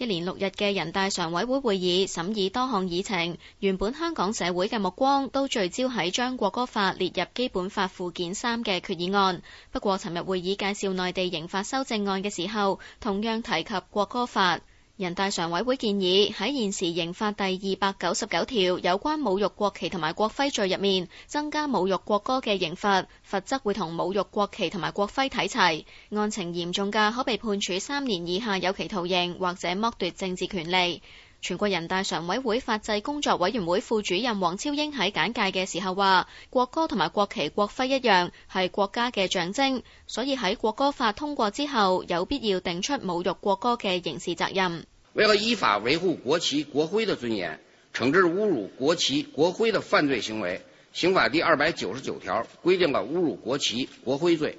一連六日嘅人大常委會會議審議多項議程，原本香港社會嘅目光都聚焦喺將國歌法列入基本法附件三嘅決議案。不過，尋日會議介紹內地刑法修正案嘅時候，同樣提及國歌法。人大常委會建議喺現時刑法第二百九十九條有關侮辱國旗同埋國徽罪入面，增加侮辱國歌嘅刑罰，罰則會同侮辱國旗同埋國徽睇齊，案情嚴重嘅可被判處三年以下有期徒刑，或者剝奪政治權利。全國人大常委會法制工作委員會副主任王超英喺簡介嘅時候話：國歌同埋國旗國徽一樣係國家嘅象徵，所以喺國歌法通過之後，有必要定出侮辱國歌嘅刑事責任。為了依法維護國旗國徽的尊嚴，懲治侮辱國旗國徽的犯罪行為，刑法第二百九十九條規定了侮辱國旗國徽罪，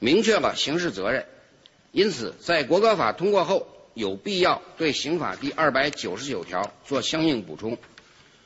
明確了刑事責任。因此，在國歌法通過後。有必要對刑法第二百九十九條做相應補充，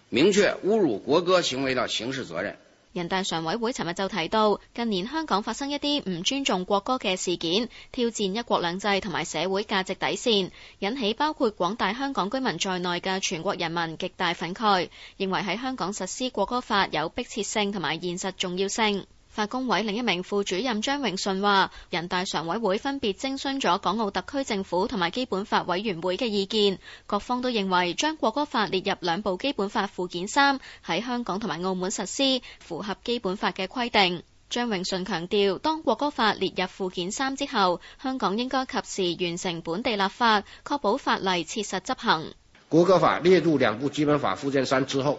明確侮辱國歌行為的刑事責任。人大常委會尋日就提到，近年香港發生一啲唔尊重國歌嘅事件，挑戰一國兩制同埋社會價值底線，引起包括廣大香港居民在內嘅全國人民極大憤慨，認為喺香港實施國歌法有迫切性同埋現實重要性。法工委另一名副主任張榮順話，人大常委會分別徵詢咗港澳特區政府同埋基本法委員會嘅意見，各方都認為將國歌法列入兩部基本法附件三喺香港同埋澳門實施，符合基本法嘅規定。張榮順強調，當國歌法列入附件三之後，香港應該及時完成本地立法，確保法例切實執行。國歌法列入兩部基本法附件三之後。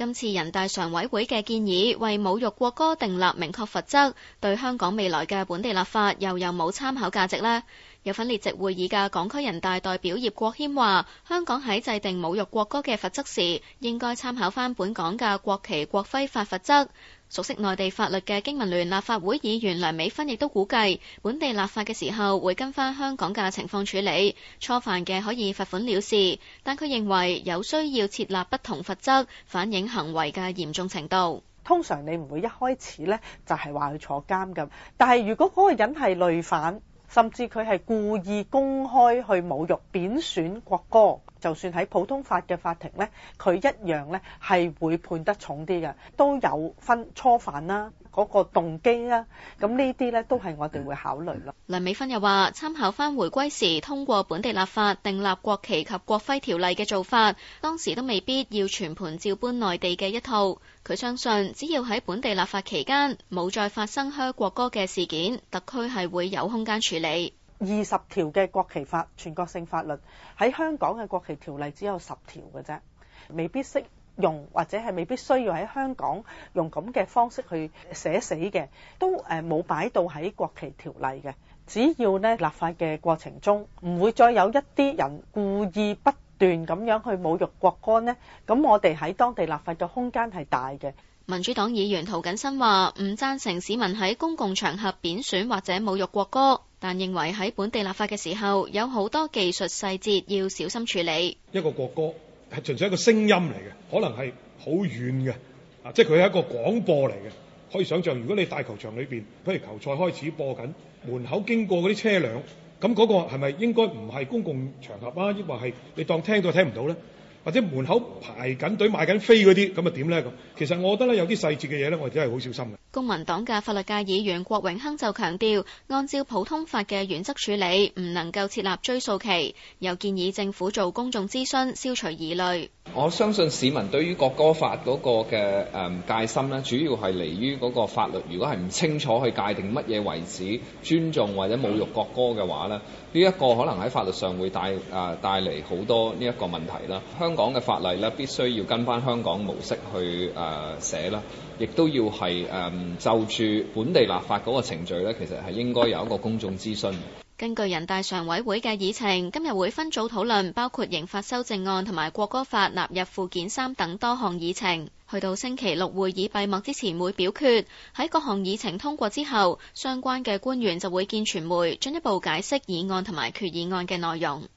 今次人大常委會嘅建議為侮辱國歌訂立明確罰則，對香港未來嘅本地立法又有冇參考價值咧？有份列席會議嘅港區人大代表葉國謙話，香港喺制定侮辱國歌嘅罰則時，應該參考翻本港嘅國旗國徽法罰則。熟悉內地法律嘅經民聯立法會議員梁美芬亦都估計，本地立法嘅時候會跟翻香港嘅情況處理，初犯嘅可以罰款了事，但佢認為有需要設立不同罰則，反映行為嘅嚴重程度。通常你唔會一開始咧就係話要坐監㗎，但係如果嗰個人係累犯，甚至佢係故意公開去侮辱、貶損國歌。就算喺普通法嘅法庭呢，佢一樣呢係會判得重啲嘅，都有分初犯啦、嗰個動機啦，咁呢啲呢都係我哋會考慮咯。梁美芬又話：參考返回歸時通過本地立法訂立國旗及國徽條例嘅做法，當時都未必要全盤照搬內地嘅一套。佢相信，只要喺本地立法期間冇再發生噓國歌嘅事件，特區係會有空間處理。二十條嘅國旗法，全國性法律喺香港嘅國旗條例只有十條嘅啫，未必適用或者係未必需要喺香港用咁嘅方式去寫死嘅，都誒冇擺到喺國旗條例嘅。只要呢立法嘅過程中，唔會再有一啲人故意不段咁樣去侮辱國歌呢，咁我哋喺當地立法嘅空間係大嘅。民主黨議員涂謹申話：唔贊成市民喺公共場合貶損或者侮辱國歌，但認為喺本地立法嘅時候有好多技術細節要小心處理。一個國歌係純粹一個聲音嚟嘅，可能係好遠嘅，啊，即係佢係一個廣播嚟嘅，可以想象如果你大球場裏邊，譬如球賽開始播緊，門口經過嗰啲車輛。咁嗰個係咪應該唔係公共場合啊？抑或係你當聽都聽不到聽唔到咧？或者門口排緊隊、買緊飛嗰啲，咁啊點咧？其實我覺得咧，有啲細節嘅嘢咧，我係真係好小心嘅。公民黨嘅法律界議員郭榮鏗就強調，按照普通法嘅原則處理，唔能夠設立追溯期，又建議政府做公眾諮詢，消除疑慮。我相信市民對於國歌法嗰個嘅誒戒心咧，主要係嚟於嗰個法律，如果係唔清楚去界定乜嘢為止尊重或者侮辱國歌嘅話咧，呢、這、一個可能喺法律上會帶誒帶嚟好多呢一個問題啦。香港嘅法例咧，必須要跟翻香港模式去誒寫啦，亦都要係誒。呃就住本地立法嗰個程序咧，其實，係應該有一個公眾諮詢。根據人大常委會嘅議程，今日會分組討論，包括刑法修正案同埋國歌法納入附件三等多項議程。去到星期六會議閉幕之前會表決。喺各項議程通過之後，相關嘅官員就會見傳媒，進一步解釋議案同埋決議案嘅內容。